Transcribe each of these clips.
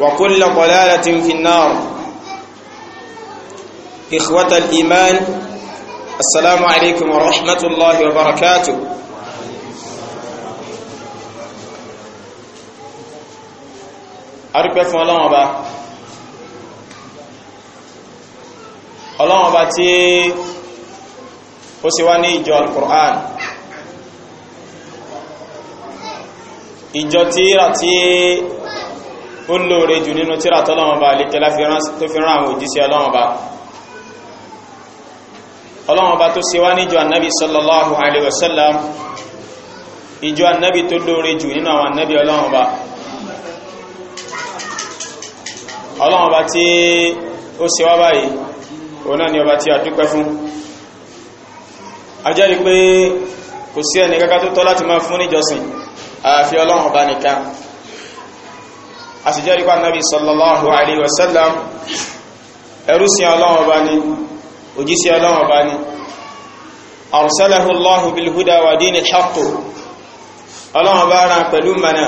وكل ضلالة في النار إخوة الإيمان السلام عليكم ورحمة الله وبركاته أرجو فلان أبا ọlọ́run ọba tí ó sì wá ní ìjọ al ìjọ tí ó lóore jù nínú tíra tọ́lọ́wọ́n bá alékẹ́lá tó fi rán àwọn òjíṣẹ́ ọlọ́wọ́n bá ọlọ́wọ́n bá tó ṣe wá níjọ annabi sallallahu alaihi wasallam ìjọ annabi tó lóore jù nínú àwọn annabi ọlọ́wọ́n bá ọlọ́wọ́n bá tí ó ṣe wá báyìí òun náà ni ọba tí a dúpẹ́ fún a jẹ́rìí pé kò sí ẹnì kankan tó tọ́ láti máa fún níjọsìn àyàfi ọlọ́wọ́n nìkan a sì jẹ́rìí pa nabi sallallahu alaihi wasallam ẹrú sí ọlọ́wọ́ bá ní òjí sí ọlọ́wọ́ bá ní arsalahu allahu bilhuda wa dini alhaq ọlọ́wọ́ bá rán pẹ̀lú mana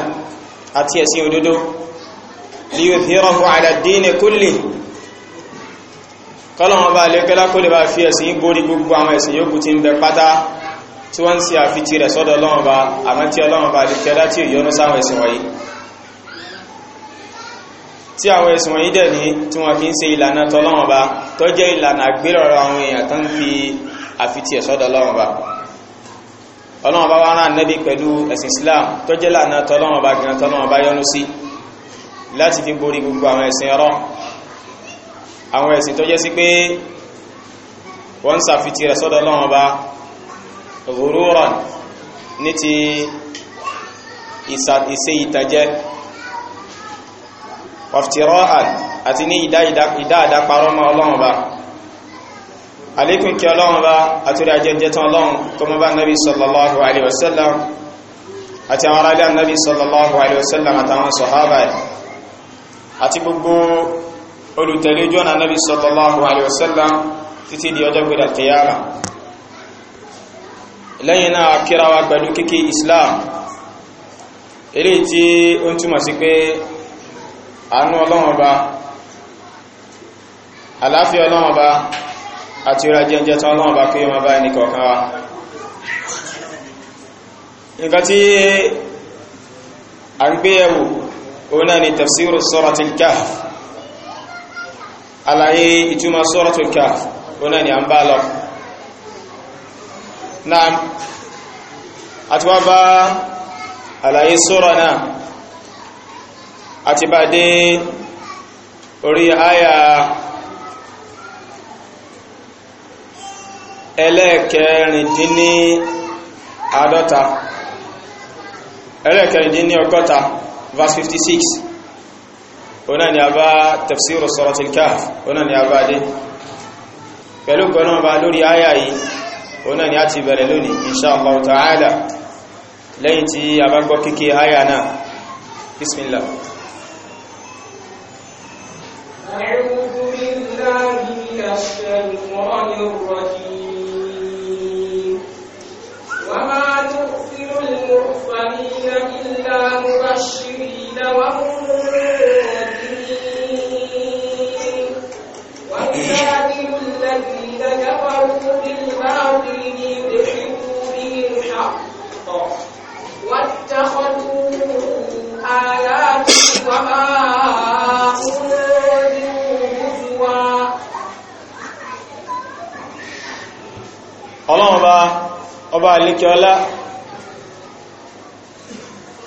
àti ẹ̀sìn òdodo liyuthirahu ala dini kulli kọ́lọ̀wọ́ bá lè kẹ́lá kó lè bá fi ẹ̀sìn borí gbogbo àwọn ẹ̀sìn yóò tí wọ́n ń ṣe àfitì rẹ̀ sọ́dọ̀ ọlọ́wọ́ bá àmọ́ tí ọlọ́wọ́ bá lè kẹ́lá tí ò yọnu sáwọn ẹ̀sìn wọ̀nyí tí àwọn ẹ̀sùn wọ̀nyí dẹ̀ ní tí wọ́n fi ń ṣe ìlànà tọ́lọ́wọ́n bá tó jẹ́ ìlànà àgbérọ̀rọ̀ àwọn èèyàn tó ń fi àfitì ẹ̀sọ́dọ̀ lọ́wọ́n bá ọlọ́wọ́n bá wá rán nẹ́bí pẹ̀lú ẹ̀sìn Islam tó jẹ́ ìlànà tọ́lọ́wọ́n bá gan tọ́lọ́wọ́n bá ti ìṣe ìtàjẹ́ wàfitìrọ́ àti ní ìdáadá parọ́ mọ́ ọlọ́run bá alékún kí ọlọ́run bá àtúrí ajẹ́jẹ́ tán ọlọ́run tó mọ́ bá nabi sallallahu alaihi wasallam àti àwọn aráàlẹ́ nabi sallallahu alaihi wasallam àtàwọn sọ̀hábà àti gbogbo olùtẹ̀lé jọ́nà nabi sallallahu alaihi wasallam títí di ọjọ́ gbẹ̀dà kìyàmà lẹ́yìn náà àánú ọlọ́run àláfíà ọlọ́run àti ìrà tán ọlọ́run kí o bá ẹni a ń gbé ẹ̀wò òun náà ni tafsiru suratul Kahf àlàyé ìtumọ̀ suratul Kahf òun náà ni a ń bá lọ àti wá àti bá dé orí àyà ẹlẹ́ẹ̀kẹrìndínní àádọ́ta ẹlẹ́ẹ̀kẹrìndínní ọgọ́ta verse 56 ọ̀nà ni a bá tafsiru suratul kahf ọ̀nà ni a bá dé pẹ̀lú gbọ́nà bá lórí àyà yìí ọ̀nà ni a ti bẹ̀rẹ̀ lónìí insha Allah ta'ala lẹ́yìn tí a bá gbọ́ kíkẹ́ àyà náà bismillah ọlọ́run bá ọba àlékẹ́ ọlá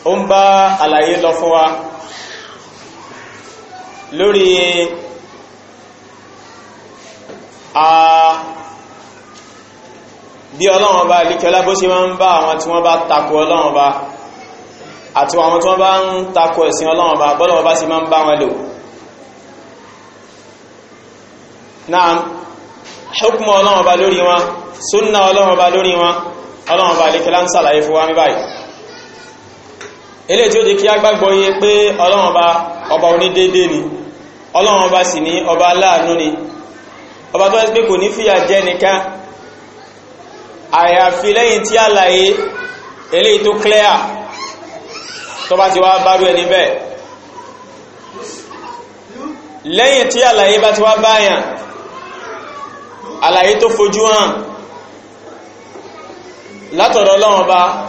ó ń bá àlàyé lọ fún wa lórí a bí ọlọ́run ọba ìlíkẹ́lá bó ṣe máa ń bá àwọn tí wọ́n bá takò ọlọ́run ọba àti àwọn tí wọ́n bá ń takò ẹ̀sìn ọlọ́run ọba bọ́lọ́run ọba ṣe máa ń bá wọn lò náà ṣókùnmọ̀ ọlọ́run ọba lórí wọn súnnà ọlọ́run ọba lórí wọn ọlọ́run ọba ìlíkẹ́lá ń sàlàyé fún wa ní báyìí ilé tí ó jẹ́ kí a gbàgbọ́ yé pé ọlọ́run ọba ọba onídéédé ni ọlọ́run ọba sì ní ọba aláàánú ni ọba tó ẹ́sì pé kò ní fìyà jẹ́ nìkan àyàfi lẹ́yìn tí àlàyé ilé tó clear tó bá ti wá bárú ẹni bẹ́ẹ̀ lẹ́yìn tí àlàyé bá ti wá báyàn àlàyé tó fojú hàn látọ̀dọ̀ ọlọ́run ọba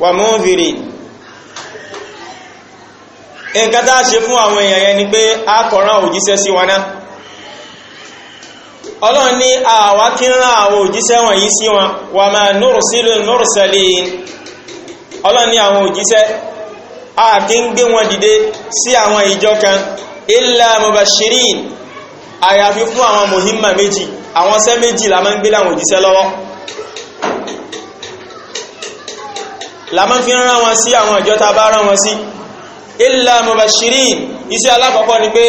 wa mọ́nfìrì nǹkan tá a ṣe fún àwọn èèyàn yẹn ni pé a kọ̀rán òjíṣẹ́ sí wọn náà ọlọ́run ní àwa kí ń rán àwọn òjíṣẹ́ wọ̀nyí sí wọn wà máa nùrù mursalin ọlọ́run ní àwọn òjíṣẹ́ a kì ń gbé wọn dìde sí àwọn ìjọ kan illa mubashirin àyàfi fún àwọn muhimma méjì àwọn ṣẹ́ méjì la máa ń gbé láwọn òjíṣẹ́ lọ́wọ́ lámọ́ fi rán wọn sí àwọn ìjọ ta bá rán wọn sí illa mubashirin iṣẹ́ alákọ̀ọ́kọ́ ni pé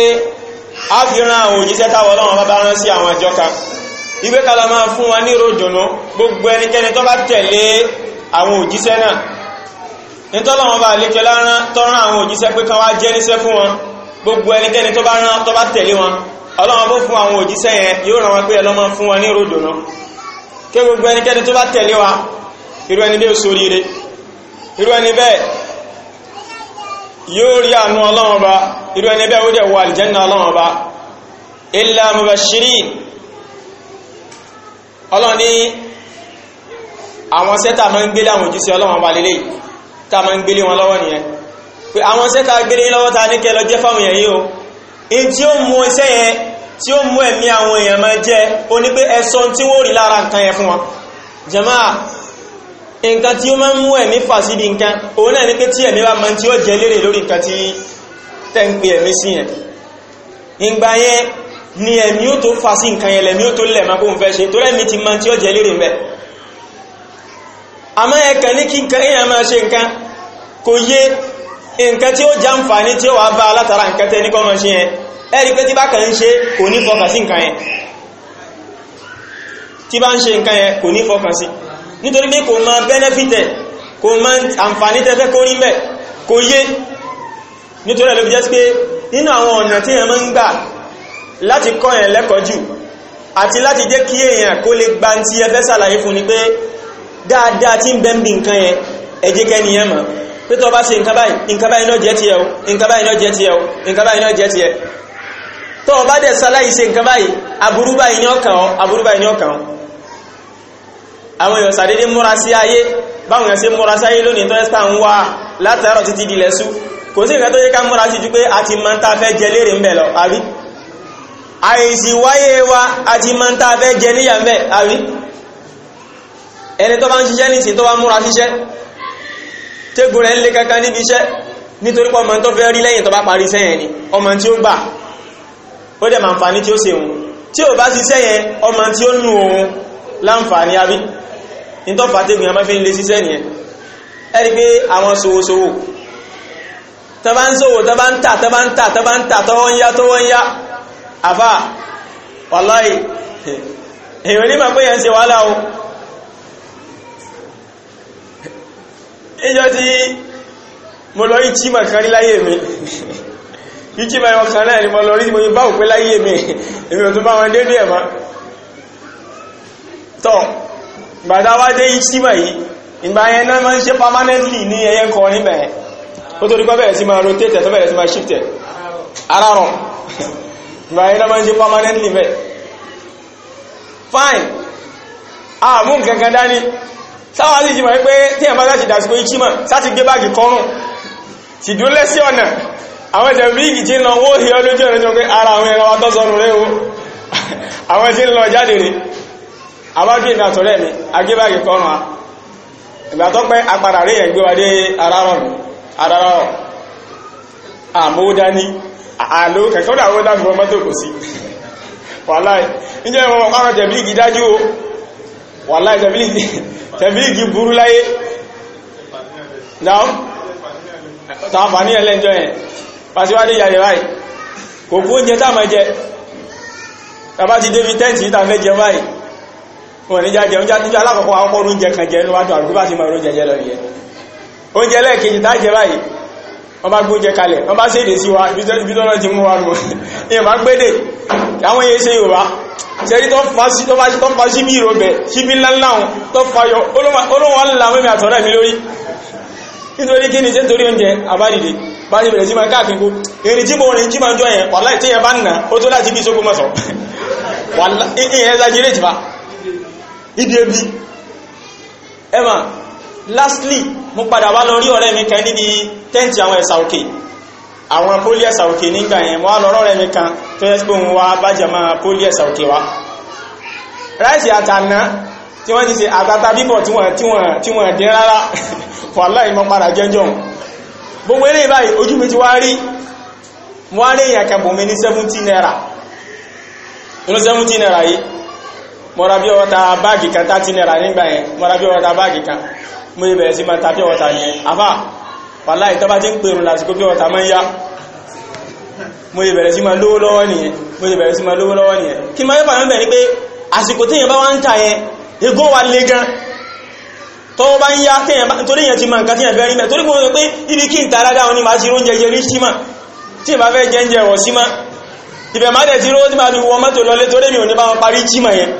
a fi rán àwọn òjíṣẹ́ táwọn ọlọ́run bá rán sí àwọn ìjọ kan ìgbé kala máa fún wa ní ròdùnú gbogbo ẹnikẹ́ni tó bá tẹ̀lé àwọn òjíṣẹ́ náà nítọ́lọ́wọ́n bá lè kẹlá rán tọ́rán àwọn òjíṣẹ́ pé kan wá jẹ́ níṣẹ́ fún wọn gbogbo ẹnikẹ́ni tó bá rán tó bá tẹ̀lé wọn ọlọ́wọ́n bó fún àwọn òjíṣẹ́ yẹn yóò ràn wọn pé ẹlọ́mọ fún wọn ní ròdùnú kí gbogbo ẹnikẹ́ni tó bá tẹ̀lé wa irú ẹni bí ó ṣoríire irú ẹni bẹ́ẹ̀ yóò rí àánú ọlọ́run ba irú ẹni bẹ́ẹ̀ ó dẹ̀ wọ àlìjẹ́nà ọlọ́run ba illa mubashirin ọlọ́run ní àwọn sẹ́ta máa ń gbélé àwọn òjíṣẹ́ ọlọ́run ba lélẹ̀ tá máa ń gbélé wọn lọ́wọ́ nìyẹn pé àwọn sẹ́ta gbélé lọ́wọ́ ta ní kẹ́ jẹ́ fáwọn èèyàn yìí o in tí ó mú iṣẹ́ yẹn tí ó mú ẹ̀mí àwọn èèyàn máa jẹ́ o ní pé ẹ̀sọ́ tí wọ́n rí lára nǹkan yẹn fún wọn jàmáà nǹkan tí ó máa ń mú ẹ̀mí fà sí ibi nǹkan òun náà ní pé tí ẹ̀mí bá mọ́ tí ó jẹ lérè lórí nǹkan tí tẹ́ǹpé ẹ̀mí sí yẹn ìgbà yẹn ni ẹ̀mí ó tó fà sí nǹkan yẹn lẹ̀mí ó tó lẹ̀ máa bóun fẹ́ ṣe tó lẹ́mí ti máa tí ó jẹ lérè mẹ́ àmọ́ ẹ̀kàn ní kí nǹkan èèyàn máa ṣe nǹkan nítorí pé kò mọ bẹ́nẹ́fìtẹ̀ kò mọ àǹfààní tẹ́fẹ́ kó rí mẹ́ kò yé nítorí ẹ̀lú jẹ́ pé nínú àwọn ọ̀nà tí èèyàn máa ń gbà láti kọ́ èèyàn lẹ́kọ̀ọ́ jù àti láti jẹ́ kí èèyàn kó lè gba ti ẹfẹ́ sàlàyé fún ni pé dáadáa tí ń bẹ́ ń bí nǹkan yẹn ẹjẹ́ kẹ́ni yẹn mọ̀ pé tó bá ṣe nǹkan báyìí nǹkan báyìí ní ọkàn ọ àwọn èèyàn sàdédé múra sí ayé báwọn èèyàn sí múra sáyé lónìí tó ẹ́sìpá ń wá látàárọ̀ títí dilẹ̀ sú kò sí nǹkan tó yẹ ká múra sí ju pé a ti mọ̀ ń ta fẹ́ jẹ lérè ń bẹ̀ lọ àbí àìsí wáyé wa a ti mọ̀ ń ta fẹ́ jẹ níyà ń bẹ̀ àbí ẹni tó bá ń ṣiṣẹ́ ní ìsìn tó bá múra ṣiṣẹ́ tégù rẹ̀ ń lé kankan níbi iṣẹ́ nítorí pọ́ ọmọ tó fẹ́ rí lẹ́yìn tó bá láǹfààní àbí nítọ́fà tẹ́gùn yàmá fi ń lè ṣiṣẹ́ nìyẹn ẹ̀rí pé àwọn ṣòwòṣòwò tọ́bá ń ṣòwò tọ́bá ń tà tọ́bá ń tà tọ́bá ń tà tọ́wọ́ ń yá tọ́wọ́ ń yá àfà wàláì èèyàn ní màpé yẹn ń ṣe wàhálà o ìjọ tí mo lọ rí chima kan rí láyé mi rí chima ẹwọ kan náà ni mo lọ rí mo bá òpé láyé mi èmi ò tún bá wọn dédé ẹ̀ gbàdá wá dé ìṣímọ̀ yìí ìgbà yẹn náà máa ń ṣe permanently ní ẹyẹ kọ níbẹ̀ ó tó dípẹ́ bẹ̀rẹ̀ sí máa rotate tó bẹ̀rẹ̀ sí máa shift ara rùn ìgbà yẹn náà máa ń ṣe permanently bẹ̀ fine àmú nǹkankan dání sáwọn àti ìjìmọ̀ pé tí ẹ̀mọ́ láti dàsìkò ìṣímọ̀ sáti gbé báàgì kọrùn ti dúró lẹ́sí ọ̀nà àwọn ẹ̀jẹ̀ bíìgì tí ń lọ wó hìí ọlójú ọ̀rẹ́jọ pé ara àwọn ẹ̀rọ wa tọ́sọ̀rọ̀ rẹ̀ wo àwọn ẹ̀jẹ̀ ń lọ jáde rèé àwájú ìmì àtọ̀rẹ́ mi agébàgì kọrùn a ìgbà tó pẹ́ apàdà rí ẹ̀gbé wa dé arárọ̀ àmódání àlò kẹ̀kọ́ dàwó láti wọ́n mọ́tò kò sí wàláì níjẹ́ ìwọ̀n wọn pàrọ̀ tẹ̀bílìgì dájú o wàláì tẹ̀bílìgì burú láyé dáun tàfàní ẹlẹ́jọ́ yẹn pàtíwádé yàrẹ̀ báyìí kò kú oúnjẹ táàmà jẹ tàbá ti débi tẹ́ǹtì ìtàfẹ́ jẹ báyìí wọn ní jáde oúnjẹ níjọ alákọ̀ọ́kọ́ akọ́kọ́ oúnjẹ kan jẹ níwájú àrùkú bá ti mọ oúnjẹ jẹ lọ nìyẹn oúnjẹ lẹ́ẹ̀kejì tá jẹ báyìí wọ́n bá gbóúnjẹ kalẹ̀ wọ́n bá séde sí wa ibi tó lọ́ ti mú wa rò ìyẹn bá gbédè àwọn èyí ṣe Yorùbá sẹ́rí tó fa sí tó fa sí tó fa sí bí ìròbẹ̀ síbí ńláńlá wọn tó fa yọ olóhùn ńlá mẹ́mí àtọ̀rẹ́ mi lórí nítorí kí ni ṣe torí oúnjẹ níbi ebi ẹmà lastly mo padà wá lọ rí ọ̀rẹ́ mi kan níbi tẹ́ǹtì àwọn ẹ̀sà òkè àwọn pólí ẹ̀sà òkè nígbà yẹn mo wá lọ rọ́rẹ́ mi kan tó yẹ pé òun wá bájà máa pólí ẹ̀sà òkè wá ráìsì àtàná tí wọ́n ti ṣe àtàtà bíbọ̀ tí wọ́n tí wọ́n tí dín rárá wàláì mo padà jẹ́jọ́ gbogbo eré báyìí ojú mi ti wá rí mo rí èèyàn kan bò ní 17 naira ní 17 naira yìí mọ́ra bí ọta báàgì kan tá ti nẹ́ra nígbà yẹn mọ́ra bí ọta báàgì kan mú ibẹ̀ sí máa ta bí ọta yẹn afá wàlá ìtọ́bá ti ń pèrò lásìkò bí ọta máa ń yá mú ibẹ̀ sí máa lówó lọ́wọ́ nìyẹn mú ibẹ̀ sí máa lówó lọ́wọ́ nìyẹn kí máa yẹ́pà mẹ́bẹ̀ ni pé àsìkò tí yẹn bá wá ń ta yẹn egó wa le gan tó bá ń yá torí yẹn ti máa nǹkan tí yẹn fẹ́ rí mẹ́ yẹn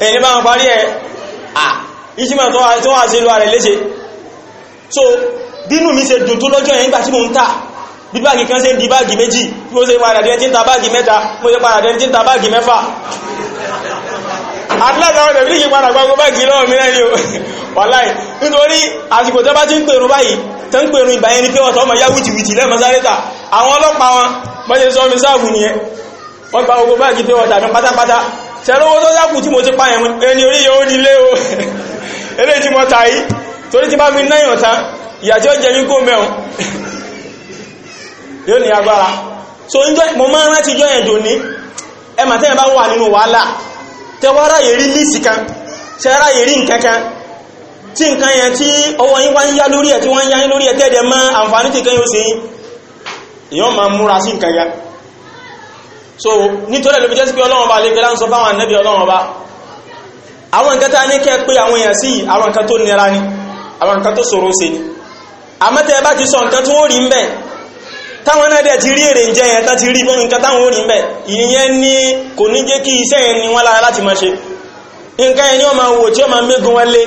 ẹni bá wọn parí ẹ̀ à ìṣímọ̀ tó wà sí lọ rẹ̀ léṣe so bínú mi ṣe dùn tó lọ́jọ́ yẹn nígbà tí mo ń tà bí báàgì kan ṣe ń di báàgì méjì mo ṣe padà dẹni tí ń ta báàgì mẹ́ta mo ṣe padà dẹni tí ń ta báàgì mẹ́fà àtìláta ọ̀rẹ́ bí kí padà gbogbo báàgì lọ́wọ́ mi lẹ́ni o wàláì nítorí àsìkò wọ́n tàbí pátápátá tẹ́lọ́wọ́ tó dákù tí mo ti pa ẹ̀wọ̀n ẹni orí yóò nílé o eré tí mo tàí torí ti bá fi náyàn tán ìyà tí ó kó mẹ́un yóò ní agbára so ń jọ mo máa rántí jọ ẹ̀jọ ní ẹmà tẹ́yìn bá wà nínú wàhálà tẹwọ́ kan tí nǹkan yẹn tí ọwọ́ yín wá ń lórí ẹ̀ tí lórí ẹ̀ tẹ́ẹ̀dẹ̀ àǹfààní yóò so nítorí ẹ̀lú jẹ́ sí pé ọlọ́run ọba lè gẹ́lá ń sọ fáwọn ànábì ọlọ́run ọba àwọn nǹkan tá ní kẹ́ pé àwọn èèyàn sí àwọn nǹkan tó nira ni àwọn nǹkan tó ṣòro ṣe ni àmọ́tẹ́ bá ti sọ nǹkan tí wọ́n rí ń bẹ̀ táwọn náà dẹ̀ ti rí èrè ń jẹ yẹn tán ti rí nǹkan táwọn rí ń bẹ̀ ìyẹn ni kò ní jẹ́ kí iṣẹ́ yẹn ni wọ́n lára láti máa ṣe nǹkan yẹn ni wọ́n wò tí wọ́n máa wọn lé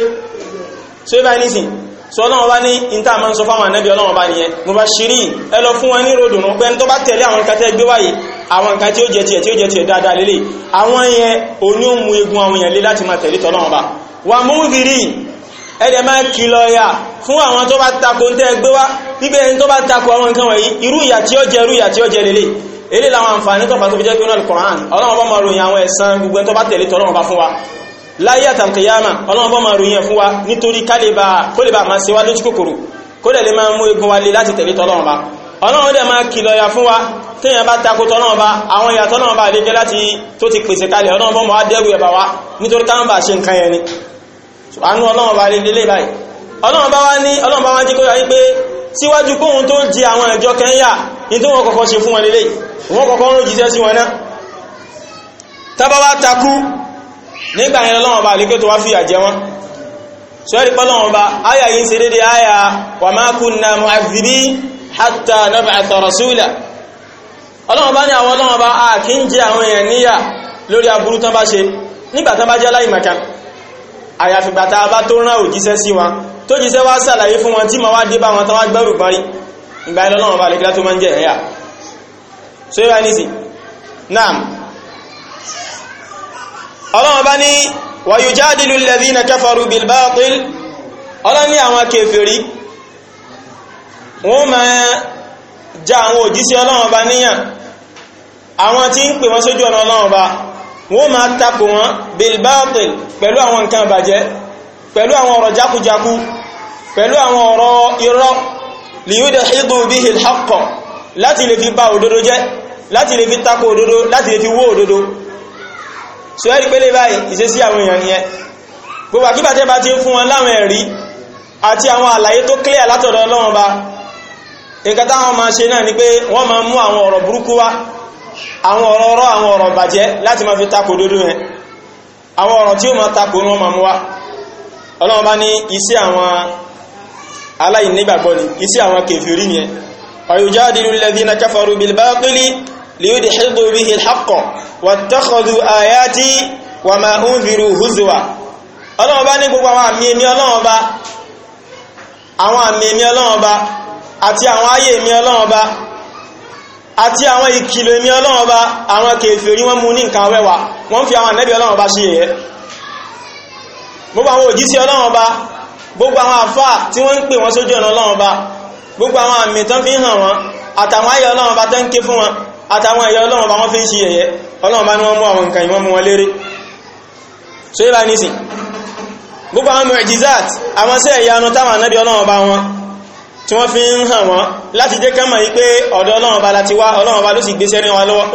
so ibà nísìn so ọlọ́wọ́ bá ní ìta ma ń sọ fáwọn ànábì ọlọ́wọ́ bá nìyẹn mo bá ṣírí ẹ lọ fún wọn ní ròdùnú pé tó bá tẹ̀lé àwọn nǹkan tẹ́ gbé wáyé àwọn nǹkan tí ó jẹ tiẹ̀ tí ó jẹ tiẹ̀ dáadáa lélẹ̀ àwọn yẹn òní ó mú egun àwọn yẹn lé láti máa tẹ̀lé tọ́lọ́wọ́ bá wà mú rírì ẹ̀dẹ̀ máa kìlọ̀ ya fún àwọn tó bá tako ń tẹ́ gbé wá wípé ẹni tó bá tako àwọn nǹkan wọ̀nyí irú ìyà tí ó jẹ irú ìyà tí ó jẹ lélẹ̀ èlé làwọn àǹfààní tó fà tó fi jẹ́ pé náà Al-Qur'an ọlọ́wọ́ bá máa ròyìn àwọn ẹ̀san gbogbo ẹni tó bá tẹ̀lé tọ́lọ́wọ́ bá fún wa láyé àtàkìyàmà ọlọ́mọbọ́ ma ròyìn fún wa nítorí kálẹ̀bà kólẹ̀bà ma ṣe wá lójú kòkòrò kólẹ̀ lè máa mú egun wa lè láti tẹ̀lé tọ́lọ́mọba ọlọ́run dẹ̀ máa kìlọ̀ ya fún wa téèyàn bá takò tọ́lọ́mọba àwọn ìyà tọ́lọ́mọba lè jẹ́ láti tó ti pèsè kalẹ̀ ọlọ́mọbọ́ ma wá dẹ́rù ẹ̀bà wa bá ni àánú ọlọ́mọba lè lélẹ̀ báyìí ọlọ́mọba wá ní ọlọ́mọba wá jí kó yà wípé síwájú kóhun tó di àwọn ìjọ kẹ́ńyà ní tó wọn takú nígbà yẹn lọ́wọ́ bá àlékẹ́ tó wá fìyà jẹ wọ́n sọ́rí pọ́lọ́wọ́ bá áyà yìí ṣe dédé áyà wa ma kunna mu'adhibi hatta nab'atha rasula ọlọ́wọ́ bá ní àwọn ọlọ́wọ́ bá a kì ń jẹ àwọn èèyàn níyà lórí aburú tán bá ṣe nígbà tán bá jẹ́ láìmọ̀kan àyàfìgbà tá a bá tó rán òjíṣẹ́ sí wọn tó jíṣẹ́ wá sàlàyé fún wọn tí ma wá dé bá wọn tán wá gbẹ́rù parí ìgbà ilọ́lọ́wọ́ bá lè kílá tó máa ń jẹ ẹ̀yà so yíra nísì náà ọlọ́run bá ní wàyújádìlú lẹ́dínà kẹfàrú bilbatil ọlọ́run ní àwọn kèfèrí wọ́n máa já àwọn òjíṣẹ́ ọlọ́run bá níyàn àwọn tí ń pè wọ́n sójú ọ̀nà ọlọ́run bá wọ́n máa tapò wọn bilbatil pẹ̀lú àwọn nǹkan bàjẹ́ pẹ̀lú láti lè fi bá òdodo jẹ́ láti lè fi tako òdodo láti lè fi wó òdodo so ẹ́rì pé lè báyìí ìṣesí àwọn èèyàn ni ẹ gbogbo àkíbàtẹ́ bá ti ń fún wọn láwọn ẹ̀rí àti àwọn àlàyé tó clear látọ̀dọ̀ Ọlọ́run ba nǹkan táwọn máa ṣe náà ni pé wọ́n máa mú àwọn ọ̀rọ̀ burúkú wá àwọn ọ̀rọ̀ ọ̀rọ̀ àwọn ọ̀rọ̀ bàjẹ́ láti máa fi takò dodo yẹn àwọn ọ̀rọ̀ tí ó máa takò wọn máa mú wá Ọlọ́run bá ní iṣẹ́ àwọn aláìnígbàgbọ́ ni iṣẹ́ àwọn kèfèrí ni ẹ ليدحضوا به الحق واتخذوا آياتي وما أنذروا هزوا ọlọ́wọ́ bá ní gbogbo àwọn àmì ẹni ọlọ́wọ́ bá àwọn àmì ẹni ọlọ́wọ́ bá àti àwọn ayé ẹni ọlọ́wọ́ bá àti àwọn ìkìlọ̀ ẹni ọlọ́wọ́ bá àwọn kèfèrí wọ́n mú ní nǹkan wẹ́wà wọ́n fi àwọn ànẹ́bí ọlọ́wọ́ bá ṣe yẹ gbogbo àwọn òjíṣẹ́ ọlọ́wọ́ bá gbogbo àwọn àfáà tí wọ́n ń pè wọ́n sójú ọ̀nà ọlọ́wọ́ bá gbogbo àwọn àmì tán fi hàn wọ́n àtàwọn ayé ọlọ́wọ́ bá tán ké fún wọn àtàwọn ẹ̀yà ọlọ́run bá wọ́n fi ń ṣe ẹ̀yẹ ọlọ́run bá ní wọ́n mú àwọn nǹkan ìwọ́n mú wọn léré so yíba nísìn gbogbo àwọn mẹ̀jìzát àwọn sí ẹ̀yà ọ̀nà táwọn anábì ọlọ́run bá wọn tí wọ́n fi ń hàn wọ́n láti jẹ́ kán mọ̀ yí pé ọ̀dọ̀ ọlọ́run bá láti wá ọlọ́run bá ló sì gbéṣẹ́ lé wa lọ́wọ́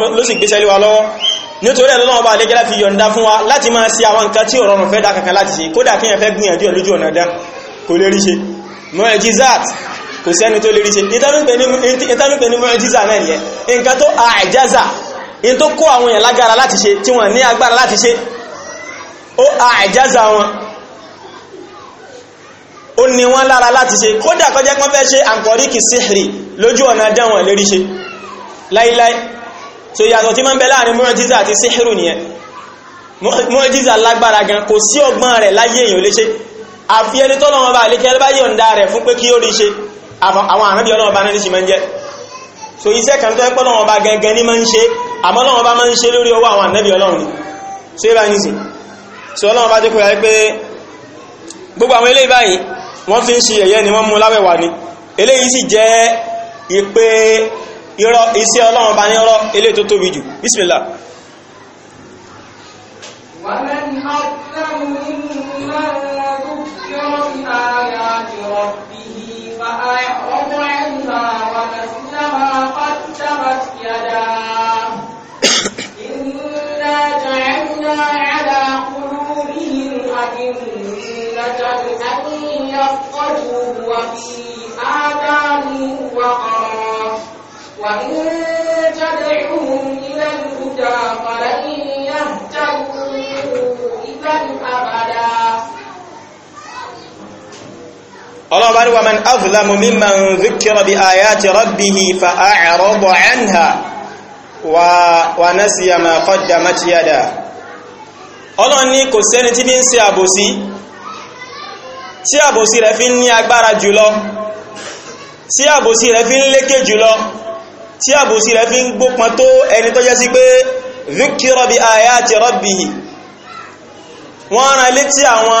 nítorí ọlọ́run bá lẹ́jẹ́ láti yọ̀ǹda fún wa láti máa ṣe àwọn nǹkan tí ọ̀rọ̀rùn fẹ́ dá kankan láti kò sí ẹni tó lè rí ṣe ìtànúpẹ̀ ní mọ́jíza náà nìyẹn nǹkan tó àìjáza in tó kó àwọn èèyàn lágbára láti ṣe tí wọ́n ní agbára láti ṣe ó àìjáza wọn ó ní wọ́n lára láti ṣe kódà kọjá pọ́n fẹ́ ṣe àǹkọ̀ríkì síhìrì lójú ọ̀nà dẹ́wọ̀n lérí ṣe láíláí so yàtọ̀ tí máa ń bẹ láàrin mọ́jíza àti síhìrù nìyẹn mọ́jíza lágbára gan kò sí ọgbọ́n rẹ̀ láyé èèyàn léṣe àfi ẹni tọ́lọ́wọ́n bá lékẹ́ bá yọ̀ǹda rẹ̀ fún pé kí ó rí ṣe àwọn ànábì ọlọ́wọ́ bá náà sì máa ń jẹ́ so iṣẹ́ kan tó ẹ́pọ́ lọ́wọ́ bá gẹ́gẹ́ ní máa ń ṣe àmọ́ lọ́wọ́ bá máa ń ṣe lórí ọwọ́ àwọn ànábì ọlọ́run ni so ẹ bá ń sìn so ọlọ́wọ́ bá jẹ́ kó yà pé gbogbo àwọn eléyìí báyìí wọ́n fi ń ṣe ẹ̀yẹ ni wọ́n mú láwẹ̀wà ni eléyìí sì jẹ́ ìpè irọ́ iṣẹ́ ọlọ́wọ́ bá ní ọ̀rọ̀ eléyìí tó tóbi jù bismillah ومن أكثر ممن ذكر بآيات ربه فأيعرض عنها ونسي ما قدمت يداه إنا جعلنا على قلوبهم أئمة أن يفقهوه وفي آذانهم وقرا وإن تدعوهم إلى الهدى ọlọ́ọ̀bá rí wa man azlamu mimman dhukira bi ayati rabbihi fa a'rada anha wa nasiya ma qaddamat yada ọlọ́run ní kò sẹ́ni tí ní ń ṣe àbòsí tí àbòsí rẹ̀ fi ń ní agbára jùlọ tí àbòsí rẹ̀ fi ń lékè jùlọ tí àbòsí rẹ̀ fi ń gbópọn tó ẹni tó sí pé dhukira bi ayati rabbihi wọ́n rán létí àwọn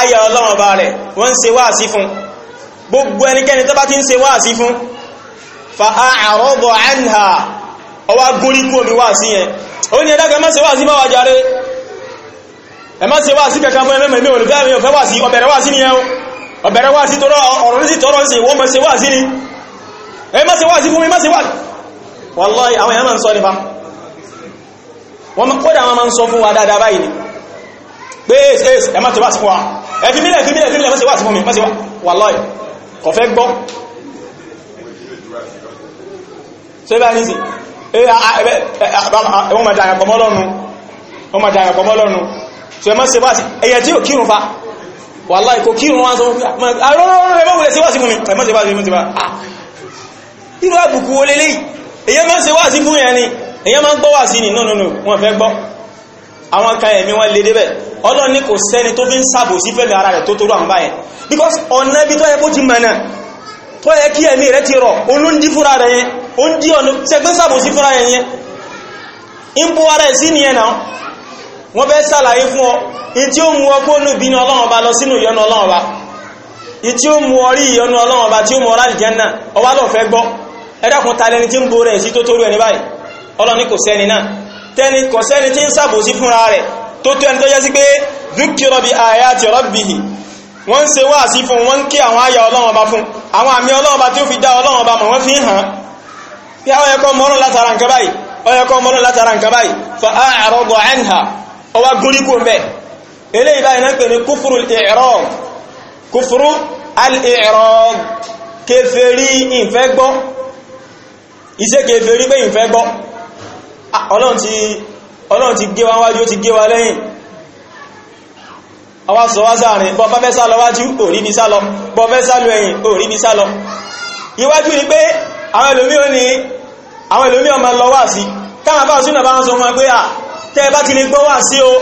ayà ọlọ́run bá rẹ̀ wọ́n ń ṣe wáàsí fún un gbogbo ẹnikẹ́ni tó bá ti ń ṣe wáàsí fún fa a'rada anha ọwá gúnrí kú omi wáàsí yẹn ó ní ẹ̀dá kẹmọ́ ṣe wáàsí bá wàjáre ẹmọ́ ṣe wáàsí kẹkàn fún ẹmẹ́mẹ́ olùfẹ́ wọ́n mọ́ àwọn èèyàn ń sọ fún wa dáadáa báyìí ni pé ẹmọ́ ṣe wáàsí fún wa ẹ̀fí mílẹ̀ ẹ̀fí mílẹ̀ ẹ̀fí mílẹ̀ mọ́ ṣe wáàsí fún mi mọ́ ṣe wáàsí wallahi kọ̀fẹ́ gbọ́ ṣe bá ní sí wọ́n ma dáyà pọ̀mọ́ lọ́nu wọ́n ma dáyà pọ̀mọ́ lọ́nu ṣe mọ́ ṣe wáṣí ẹ̀yẹ tí ò kírun fa wàláhì kò kírun wọ́n sọ fún mi àwọn kan ẹ̀mí wọn lè débẹ̀ ní kò sẹ́ni tó fi ń sàbò sí fẹ́mi ara rẹ̀ tó tó rán báyẹ̀ because ọ̀nà ibi tó yẹ kó ti mẹ́nà tó yẹ kí ẹ̀mí rẹ̀ ti rọ̀ olóńdí fúra rẹ̀ yẹn ó ń dí ọ̀nà sẹ́gbẹ́ sàbò sí fúra ara ẹ̀ sí wọ́n fẹ́ sàlàyé fún ọ ó mú nù bínú ọlọ́run ọba lọ sínú ìyọnu ọlọ́run ọba tó tó ẹni tó yẹ sí pé dúkìrọ̀ ti ayati rabbihi wọ́n se ṣe wáàsí fún wọ́n ń kí àwọn àyà ọlọ́run ọba fún àwọn àmì ọlọ́run ọba tí ó fi dá ọlọ́run ọba mọ̀ wọ́n fi ń hàn bí a ọyẹ́kọ́ mọ́rún látara nǹkan báyìí ọyẹ́kọ́ mọ́rún fa a anha ọwá gúríkò mẹ́ eléyìí báyìí náà al ìfẹ́ gbọ́ iṣẹ́ pé ìfẹ́ ọlọ́run ti gé wa wájú ó ti gé wa lẹ́yìn ọwá sọ wá sáàrin bọ́ bá fẹ́ sálọ wájú ò rí bí sálọ bọ́ fẹ́ sálọ ẹ̀yìn ò rí bí sálọ iwájú ni pé àwọn ẹlòmí ò ní àwọn ẹlòmí ọmọ lọ wà sí káàmà bá òsínà bá ń sọ wọn pé à tẹ́ bá o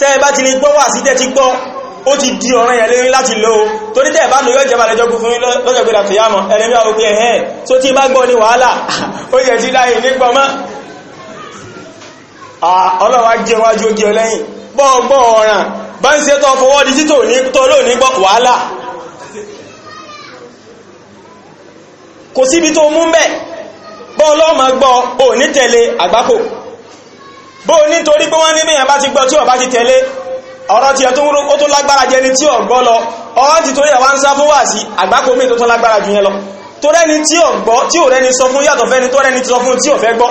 tẹ́ bá ti lè gbọ́ wà sí tẹ́ ti gbọ́ ó ti di ọ̀ràn yẹn lérí láti lò ó torí tẹ́ bá lóyún ìjọba lẹ́jọ́ gbogbo fún lọ́jọ́ gbéra fìyàmọ̀ ẹ̀rẹ́mí àwọn òpin ẹ̀hẹ́ tó tí bá gbọ́ ní wàhálà ó yẹ sí láyé nígbọ́mọ́ ọlọ́wà jẹ́ wájú ojú ọlẹ́yìn bọ́ọ̀gbọ́ ọ̀ràn bá ń ṣe tó fọwọ́ di títò ní tọ́lọ́ ní gbọ́ wàhálà kò síbi tó mú mẹ́ bọ́ọ̀lọ́mà gbọ́ ò ní tẹ̀lé àgbákò bó nítorí pé wọ́n ní mìíràn bá ti gbọ́ tí ó bá ti tẹ̀lé ọ̀rọ̀ tí ó tó lágbára ni tí ó gbọ́ lọ ọ̀rọ̀ ti torí àwọn sá fún wà sí àgbákò mi tó tó lágbára jù yẹn lọ tó rẹni tí ó gbọ́ tí ò rẹni sọ fún yàtọ̀ fẹ́ni tó rẹni sọ fún tí ò fẹ́ gbọ́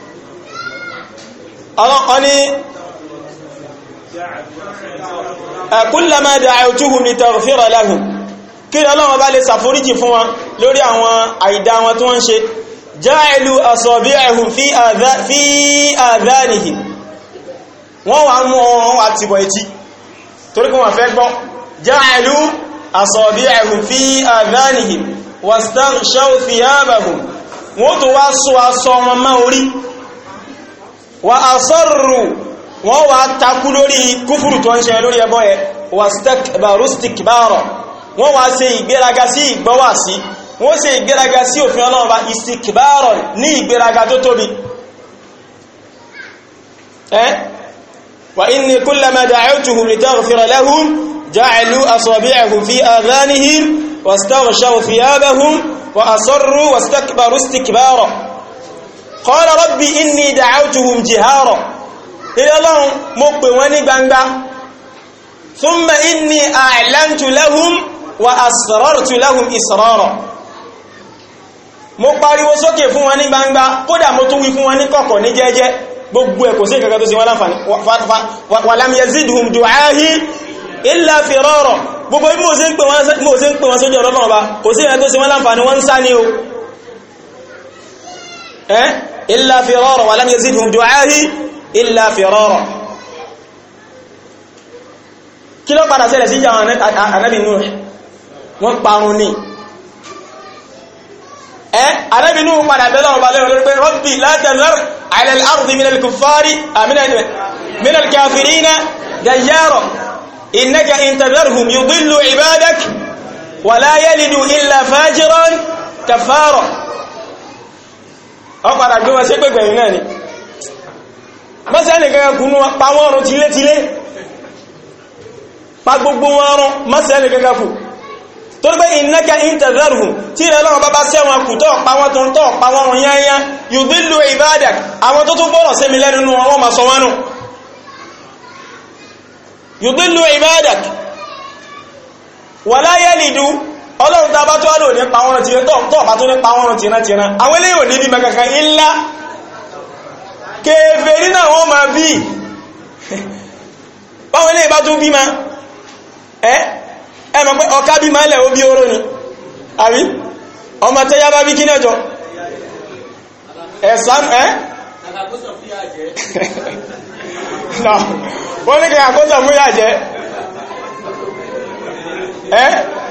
ọlọ́kọ́ ní kullama da'awtuhum litaghfira lahum kí ọlọ́wọ́ bá lè ṣàforíjì fún wọn lórí àwọn àìdá wọn tí wọ́n ń ṣe ja'alu asabi'ahum fi adhanihim wọ́n wà mú ọrùn àti bọ̀ etí torí kí wọ́n fẹ́ gbọ́ wa asarru wọ́n wà takú lórí kúfùrù tó ń ṣe lórí ẹbọ ẹ wà stakbaru istikbara wọ́n wà ṣe ìgbéraga sí ìgbọ́wà sí wọ́n ṣe ìgbéraga sí òfin Ọlọ́run bá istikbara ní ìgbéraga tó tóbi وإني كلما دعوتهم لتغفر لهم جعلوا أصابعهم في آذانهم واستغشوا ثيابهم وأصروا واستكبروا استكبارا qala rabbi inni da'awtuhum jihara ilé ọlọ́run mo pè wọ́n ní gbangba thumma inni a'lantu lahum wa asrartu lahum israra mo pariwo sókè fún wọn ní gbangba kódà mo tún wí fún wọn ní kọ̀kọ̀ ní jẹ́jẹ́ gbogbo ẹ̀ kò sí kankan tó sí wọn láǹfààní wa lam yazidhum du'ahi illa firara gbogbo bí إلا فرارا ولم يزدهم دعائي إلا فرارا kí ló padà ṣẹlẹ̀ sí ìjà ànábì Nuh wọ́n parun ní ẹ́ ànábì Nuh padà bẹ́lẹ̀ ọba lẹ́wọ̀n lórí pé Rabbi la tadhar ala al-ardi min al-kuffari min al-kafirina dayyara innaka in tadharhum yudillu ibadak wa la yalidu illa fajiran kafara wọ́n padà gbé wọn ṣépè gbẹ̀yìn náà ni mọ́sẹ́nì kankan kùnú pa wọ́n rún tilétilé pa gbogbo wọn rún mọ́sẹ́nì kankan kù tó gbé ìnáka ìntẹ̀lẹ́rù tí ilẹ̀ lọ́wọ́ bábá sí ẹwọn kù tọ́ pa wọ́n tó ń tọ́ pa wọ́n rún yányá yùdílù ìbáàdàk àwọn tó tún ọlọ́run tàbá tó wádò ní pàwọn tí tó ọ̀pá tó ní pàwọn tí náà tí náà àwọn ilé yóò níbi mẹ́kankan ilá kèfè nínà wọ́n ma bí báwọn ilé ìbá tún bí ma ẹ́ ẹ mọ̀ pé ọká bí ma lẹ̀ ó bí oró ni àbí ọmọ tẹ́yà bá bí ẹ̀sán ẹ́ wọ́n ní kí àkóso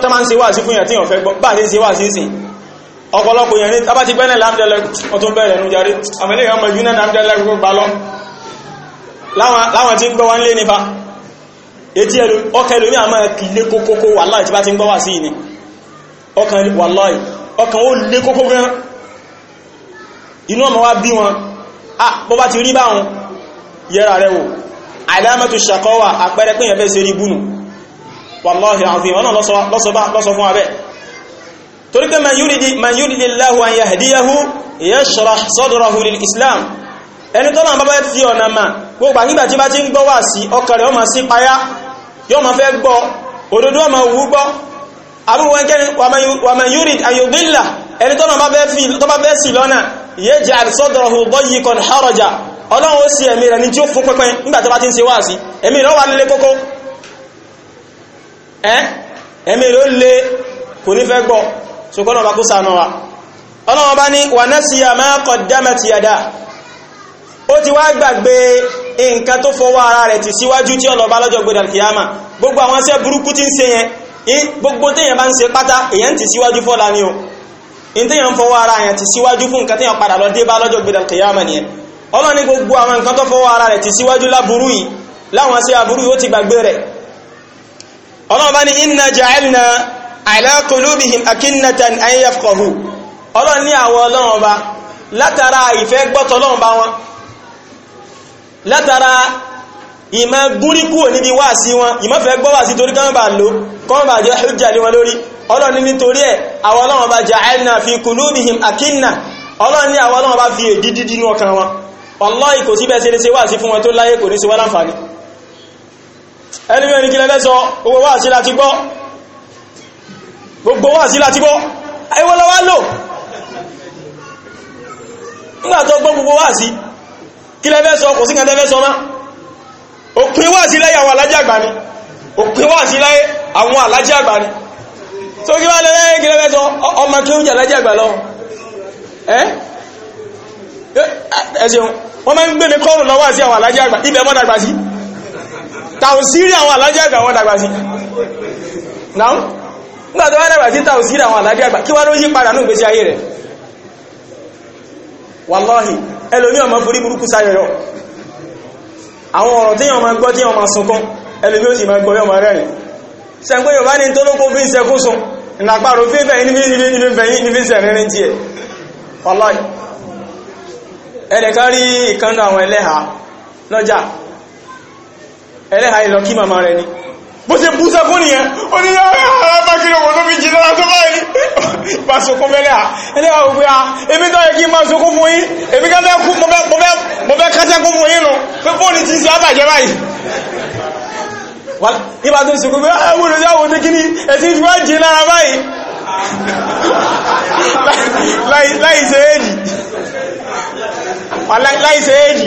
tó máa ń ṣe wà sí fún yàn tí yàn fẹ́ gbọ́ bá ti ń ṣe wà sí ìsìn ọ̀pọ̀lọpọ̀ yẹn ní tábà ti gbẹ́nẹ̀ láàmdẹ́lẹ́ ọtún bẹ̀rẹ̀ ẹnu jàre àmẹ́lẹ́ ìyàn mọ̀ ìbínà láàmdẹ́lẹ́ gbogbo gbà lọ láwọn tí ń gbọ́ wá ń lé ah bó bá ti rí báwọn yẹra rẹ wò àìlámẹ́tò wallahi azim ọ̀nà lọ́sọ fún abẹ́ torí pé man yuridi Allahu an yahdiyahu yashrah sadrahu lil islam ẹni tọ́nà bá bá fi ọ̀nà mà gbogbo àgbígbà tí bá ti ń gbọ́ wà sí ọkàn rẹ̀ ó máa sí payá yóò máa fẹ́ gbọ́ òdodo ó máa wù gbọ́ abúwẹ́gẹ́ni wa man yurid an yudilla ẹni tọ́nà bá bẹ́ sí lọ́nà yaj'al sadrahu dayyiqan haraja ọlọ́run ó sì ẹ̀mí rẹ̀ ní tí ó fún pẹ́pẹ́ nígbà Eh? ẹ̀mí ló lè kò ní fẹ́ gbọ́ ṣùgbọ́n ọba kó sànà wa ọlọ́wọ́ bá ní wà náà sí àmá kọ̀dámẹ̀tì yàdá ó ti wá gbàgbé nǹkan tó fọwọ́ ara rẹ̀ ti síwájú tí ọlọ́ba lọ́jọ́ gbé dàkíyàmà gbogbo àwọn iṣẹ́ burúkú ń gbogbo téèyàn bá ń pátá ti síwájú fọ́la ni o fọwọ́ ara yẹn ti síwájú fún nǹkan téèyàn padà lọ dé bá lọ́jọ́ gbé dàkíyàmà nìyẹn gbogbo àwọn nǹkan tó fọwọ́ ara rẹ̀ ọlọ́run bá ní inna ja'alna ala qulubihim akinnatan an yafqahu ọlọ́run ní àwọn ọlọ́run ọba látara ìfẹ́ gbọ́tọ̀ ọlọ́run bá wọn látara ìmọ̀ gúnrí kúrò níbi wá sí wọn ìmọ̀fẹ́ gbọ́ wá sí torí kọ́mọ̀ bá lò kọ́mọ̀ bá jẹ́ hujja wọn lórí ọlọ́run ní nítorí ẹ̀ àwọn ọlọ́run bá ja'alna fi qulubihim akinna ọlọ́run ní àwọn ọlọ́run bá fi èdí dídí ọkàn wọn wallahi ẹlẹ́mẹ́ ní kílẹ̀ sọ gbogbo wà sí láti gbọ́ gbogbo wà sí láti gbọ́ ẹwọ́ lọ́wọ́ lò nígbàtọ́ gbogbo sí sọ kò sí kẹta fẹ́ sọ wà sí láyé àwọn alájẹ́ àgbà ni wà sí àwọn alájẹ́ àgbà ni tó kí wá sọ ọmọ kí oúnjẹ àgbà lọ ẹ́ tàùsírí àwọn alájẹ́ àgbà wọ́n dàgbà sí náà nígbàtí wọ́n dàgbà sí tàùsírí àwọn alájẹ́ àgbà kí wá ló yí padà ní ìgbésí ayé rẹ̀ ma ẹlòmí ọmọ forí burúkú sáyẹyọ àwọn ọ̀rọ̀ tí yàn máa gbọ́ tí yàn máa sunkún ẹlòmí ó sì máa gbọ́ yọmọ rẹ̀ sẹ́gbẹ́ yorùbá ní tó lókó fi ń sun ìnàpàrọ̀ tiẹ̀ àwọn ẹlẹ́hàá lọ́jà ẹlẹ́ha ìlọ kí màmá rẹ̀ ni bó ṣe bú sẹ́kún nìyẹn ó ní ah, alábákìlọ́wọ́ tó fi jì lára tó báyìí bá sọkún mẹ́lẹ́ha ẹlẹ́ha òpé a ah, èmi tó yẹ kí máa sọkún fún yín èmi ká bẹ́ẹ̀ kú mo bẹ́ kásẹ́kún fún yín nù pé bóòlù ti ṣe àbàjẹ́ báyìí nígbà tó sọkún pé ah, àwọn olùdáwò ní kíní ẹ̀sìn ìfúwá jì lára báyìí láìsẹ̀ èjì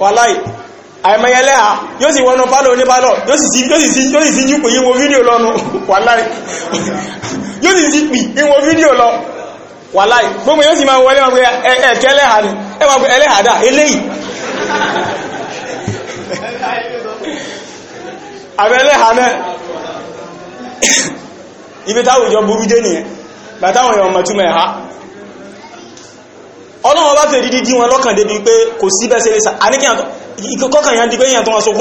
wàláì àìmọ̀yẹlẹ́ à yóò sì wọnú pálọ̀ oníbálọ̀ yóò sì sí yúpù yíwo fídíò lọ́nu wàláì yóò sì sí pì yíwo fídíò lọ wàláì gbogbo yóò sì máa wọlé wọn pé ẹ̀ẹ̀kẹ́ ẹlẹ́hà ni ẹwà pé ẹlẹ́hà dà eléyìí àbẹ́lẹ́hà náà ibi táwùjọ burú dé nìyẹn bàtàwọn èèyàn mọ̀túnmọ̀ ẹ̀há ọlọ́run bá fẹ́ dídí wọn lọ́kàn débi pé kò sí bẹ́ẹ̀ sẹ́lẹ̀sà àníkọ́kàn yẹn di pé èyàn kò sí sọ̀rọ̀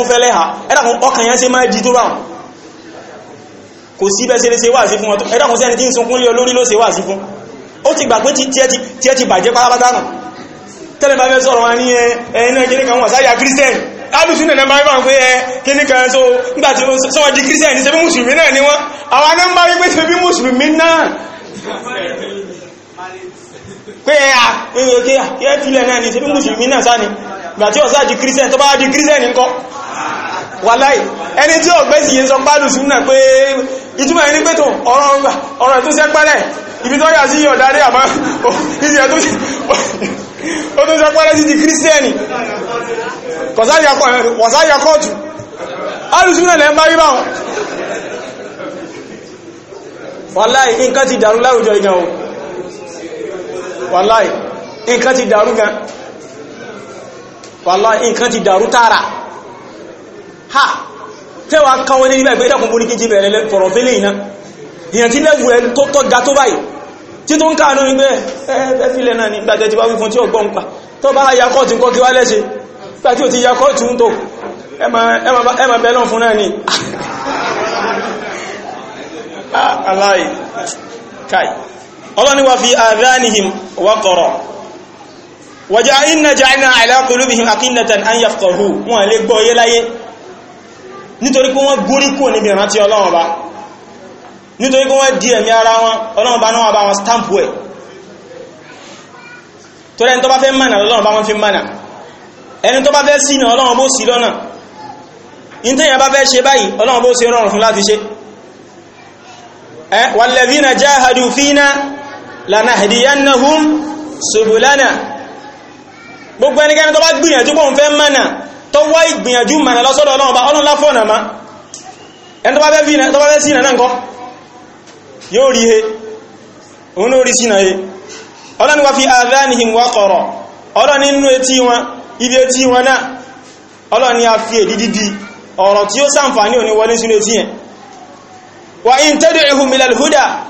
wọn ní kan sáyà alùsùn bá ẹ kíní kan so di pé ẹ̀kẹ́ ah, ah, ẹ̀fìlẹ̀ náà ni ya mùsùlùmí náà sáà ni gbà tí ó sáà di kírísẹ́n tó bá di kírísẹ́n ní kọ́ wàláì ẹni tí ó gbé sí yẹn sọ pálù sí náà pé ìtumọ̀ ẹni pé tó ọ̀rọ̀ tó sẹ́pẹ́lẹ̀ ibi tó yà sí ọ̀dárí àmọ́ ó tó sẹ́pẹ́lẹ̀ sí di kírísẹ́nì kọ̀sáyà kọ́ọ̀tù na nǹkan ti dàrú láwùjọ ìgbà wàláì nǹkan ti dàrú gan wàláì nǹkan ti dàrú tààrà ha tẹ́wà káwọn ní ibẹ̀ ìdàkùn bú ní kí jíbẹ̀ ẹ̀lẹ́ tọ̀rọ̀ fẹ́lẹ̀ iná ìyàn tí lẹ́gbù ẹ tó tọ́ ga tó báyìí tí tó ń káànú ibẹ̀ ẹ̀fẹ́fílẹ̀ náà ní gbàjẹ́ ti wá wí fún tí ọgbọ́n pa tó bá yakọ́ọ̀tù ń kọ́ kí wá lẹ́ṣe gbà tí ò ti yakọ́ọ̀tù ń tó ọlọ́ni wà fi àdánihim waqara wàjá iná jàínà ala qulubihim akínatan an yafqahu wọn lè gbọ́ yé láyé nítorí pé wọ́n gúrí kò níbi ìrántí ọlọ́wọ́n bá nítorí pé wọ́n di ẹ̀mí ara wọn ọlọ́wọ́n bá náà bá wọn stamp wẹ̀ tó rẹ̀ tó bá lanahdiyannahum subulana gbogbo ẹnikẹ́ni tó bá gbìyànjú pọ̀ ń fẹ́ mọ́nà tó wá ìgbìyànjú mọ̀nà lọ́sọ́dọ̀ ọlọ́run bá ọlọ́run láfọ́nà má ẹni tó bá fẹ́ sí ìnànà nǹkan yóò rí he òun ló rí sínà he ọlọ́run wá fi adhanihim waqara ọlọ́run nínú etí wọn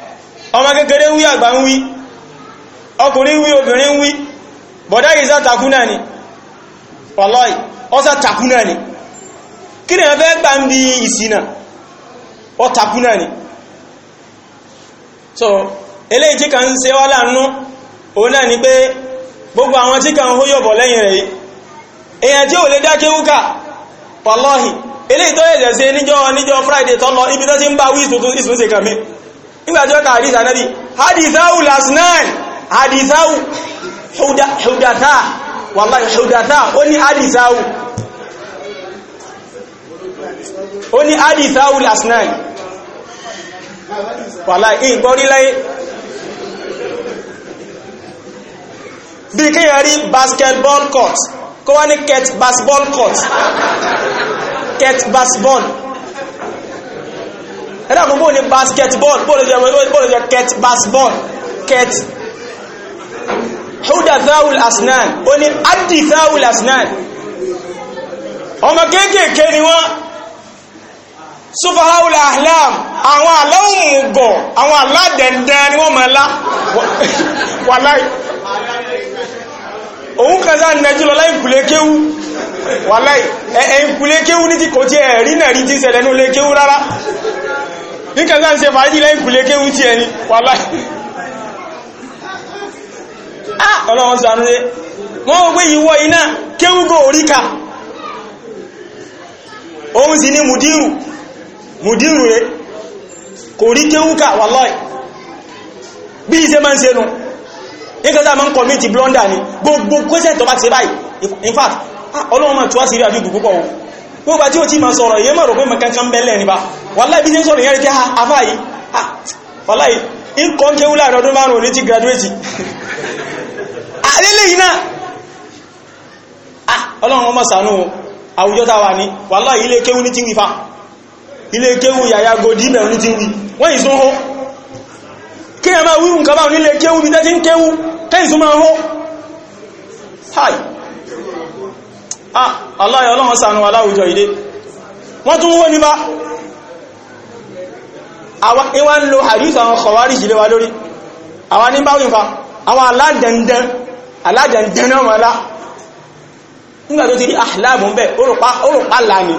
ọmọ kékeré ń wí àgbà ń wí ọkùnrin obiri wí obìnrin ń wí bọ̀dá yìí sátakú náà ni wàláhì ọ sátakú náà ni kí ni ẹ̀fẹ́ gbà ń bí ìsìnà ọ takú náà ni so eléyìí tí kan ń ṣe wá láàánú òun náà ni pé gbogbo àwọn lẹ́yìn rẹ̀ tí ò lè dá kéwúkà níjọ́ níjọ́ Friday ibi tó ti ń bá wí kàmí nígbàtí ọkà hadith anábi hadithawu lasnan hadithawu hudatha wallahi hudatha ó ní hadithawu ó ní hadithawu lasnan wallahi ìgbọ́rí láyé bí kíyàn rí basketball court kó wá ní ket basketball court ket basketball ẹ̀dá fún bóòlù basketball bóòlù jẹ́ ket basketball ket huda thawul asnan ó ní adi thawul asnan ọmọ kéékèèké ni wọ́n sufahawul ahlam àwọn aláwòmùgọ̀ àwọn aládẹ̀ndẹ̀ ni wọ́n mọ̀ lá wàláì òun kan sáà nẹjú lọ láì kùlé kéwú wàláì ẹ̀yìn kùlé kéwú ní ti kò tí ẹ̀rí náà rí ti ṣẹlẹ̀ ní olé rárá nǹkan na ń ṣe fàájì lẹ́yìn kùlé kéwú tí ẹni wàlá ọlọ́run sàánú rẹ̀ wọ́n wọ́n pé ìwọ iná kéwúgbò oríkà òun sì kò rí kéwúkà wàláì bí ise máa ń ṣe nù nǹkan máa ń gbogbo kwẹ́sẹ̀ tó bá ti báyìí in fact ọlọ́run máa wá wọ́n bá tí ó tí ma sọ̀rọ̀ èyẹ mọ̀ rò pé mọ̀kankan bẹ́lẹ̀ nípa wàláì bí i sọ̀rọ̀ ìyẹ́rì kí ha wàláì ikọ̀ ha kéwú láàrin ọdún márùn ní ti graduate alẹ́lẹ́ ah, ah, ọlọ́run ọmọ sànú àwùjọ tàwà ní ilé kéwú ní ti wí ilé kéwú yàyà ah Allah ya ọlọ́wọ́ sànú aláwùjọ ìdé wọ́n tún wó nípa ìwá ń lo hadith àwọn kọwàrí jìlẹ̀ wa lórí àwọn nípa wípa àwọn aládẹ̀ndẹ̀n aládẹ̀ndẹ̀n náà mọ́lá nígbà tó ti rí àhìláàbù ń bẹ̀ orùpá láàmì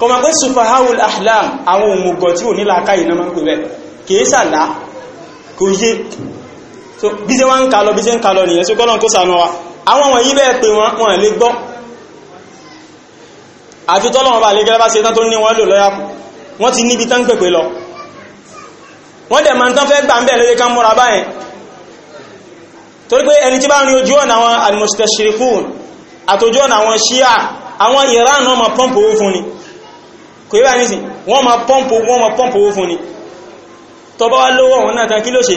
kọmọ pé superhawul ahlam àwọn òmùgọ̀ so bí ṣe wá ń kalọ bí ṣe ń kalọ nìyẹn so kọ́lọ̀n kó sànú wa àwọn wọ̀nyí bẹ́ẹ̀ pé wọ́n wọ́n lè gbọ́ àfi tọ́lọ̀wọ́n bá lè gẹ́lẹ́ bá ṣe tán tó ní wọ́n lò lọ́yà wọ́n ti níbi tán pèpè lọ wọ́n dẹ̀ máa ń tán fẹ́ gbà ń bẹ̀ lóye ká múra báyẹn torí pé ẹni tí bá rin ojú ọ̀nà àwọn al-mustashriqun àtòjú ọ̀nà àwọn ṣíà àwọn Iran náà ma pọ́ǹpù owó fún ni kò yíba nísìn wọ́n ma pọ́ǹpù owó fún ni tọ́bá wá lówó ọ̀hún náà tán kí ló ṣe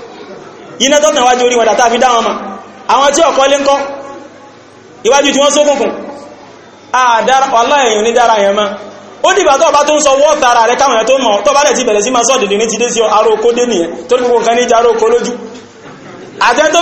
iná tọ́tàn wájú orí wọn dàtà fi dá wọn mà àwọn tí ọ̀kọ́ lé ń kọ́ ìwájú tí wọ́n sókùnkùn aláìyàn ní dára yẹn mọ́ ó dìgbà tó ọba tó ń sọ wọ́ọ̀tà ara rẹ káwọn ẹ̀ tó mọ̀ tó bá lẹ̀ ti bẹ̀rẹ̀ sí máa sọ dèdè ní ti dé sí aró okó dé nìyẹn tó ní gbogbo nǹkan ní ìjà aró okó lójú àtẹ tó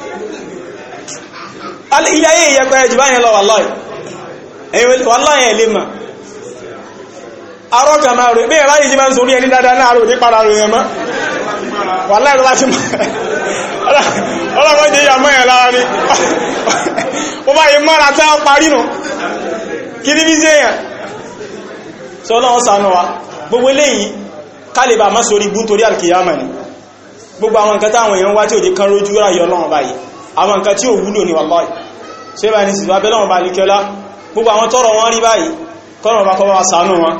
ilé ayé ìyẹpẹrẹ jù báyẹn lọ wàláì wàláì ẹ̀ lè ma arọ́ máa rò bí ẹ̀rọ ẹni dáadáa náà yẹn lára bá mọ́ra tá a parí nù kí bí sẹ́yìn sọ lọ́wọ́ sànù wa gbogbo eléyìí kálíbà má sori gbú torí àlùkìyàmà ni gbogbo àwọn nǹkan táwọn èèyàn wá tí òjì nọ rójú ráyọ náà báyìí àwọn nǹkan tí ò wúlò ní wàláì ṣe bá ní sílùú abẹ́lọ́wọ̀n bá líkẹ́lá gbogbo àwọn tọ́rọ wọn rí báyìí kọ́rọ̀ bá kọ́wọ́ sàánú wọn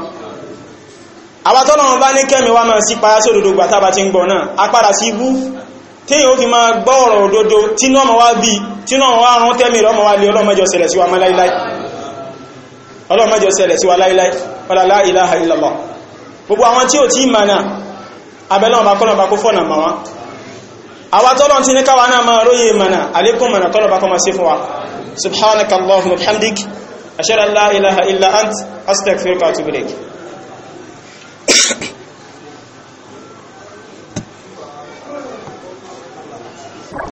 àbátọ́lọ́wọ̀n bá ní kẹ́mi wá máa sí payá sí òdodo gbà tábà ti ń gbọ́ náà apára sí ibú tí yóò fi máa gbọ́ ọ̀rọ̀ òdodo tí náà mọ̀ wá bí tí náà wá rún tẹ́mì ọmọ wá lè ọlọ́mọjọ ṣẹlẹ̀ sí wa láíláí ọlọ́mọjọ ṣẹlẹ̀ sí wa gbogbo àwọn tí ò tí ì abẹ́lọ́wọ̀n bá kọ́lọ̀ bá kó fọ́nà màwọn àwa tọ́lọ̀ ti ní káwa náà máa róye mana alékún mana tọ́lọ̀ bá kọmọ sí fún wa subhanakallahumma bihamdik ashhadu an ilaha illa ant astaghfiruka wa atubu ilayk